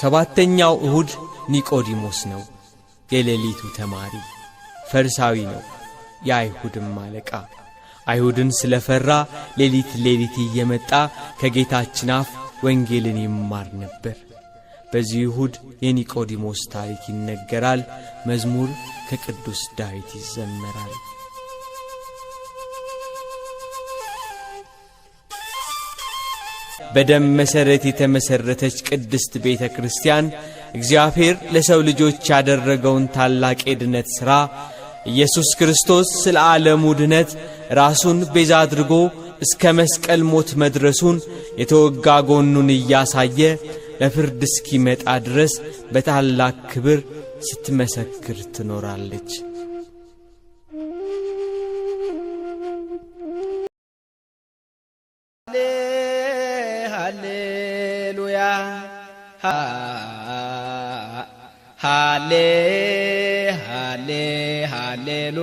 ሰባተኛው እሁድ ኒቆዲሞስ ነው፣ የሌሊቱ ተማሪ ፈሪሳዊ ነው፣ የአይሁድም አለቃ። አይሁድን ስለ ፈራ ሌሊት ሌሊት እየመጣ ከጌታችን አፍ ወንጌልን ይማር ነበር። በዚህ እሁድ የኒቆዲሞስ ታሪክ ይነገራል። መዝሙር ከቅዱስ ዳዊት ይዘመራል። በደም መሠረት የተመሠረተች ቅድስት ቤተ ክርስቲያን እግዚአብሔር ለሰው ልጆች ያደረገውን ታላቅ የድነት ሥራ ኢየሱስ ክርስቶስ ስለ ዓለሙ ድነት ራሱን ቤዛ አድርጎ እስከ መስቀል ሞት መድረሱን የተወጋ ጎኑን እያሳየ ለፍርድ እስኪመጣ ድረስ በታላቅ ክብር ስትመሰክር ትኖራለች። ሃሌሉያ ሃሌ ሃሌ ሃሌሉ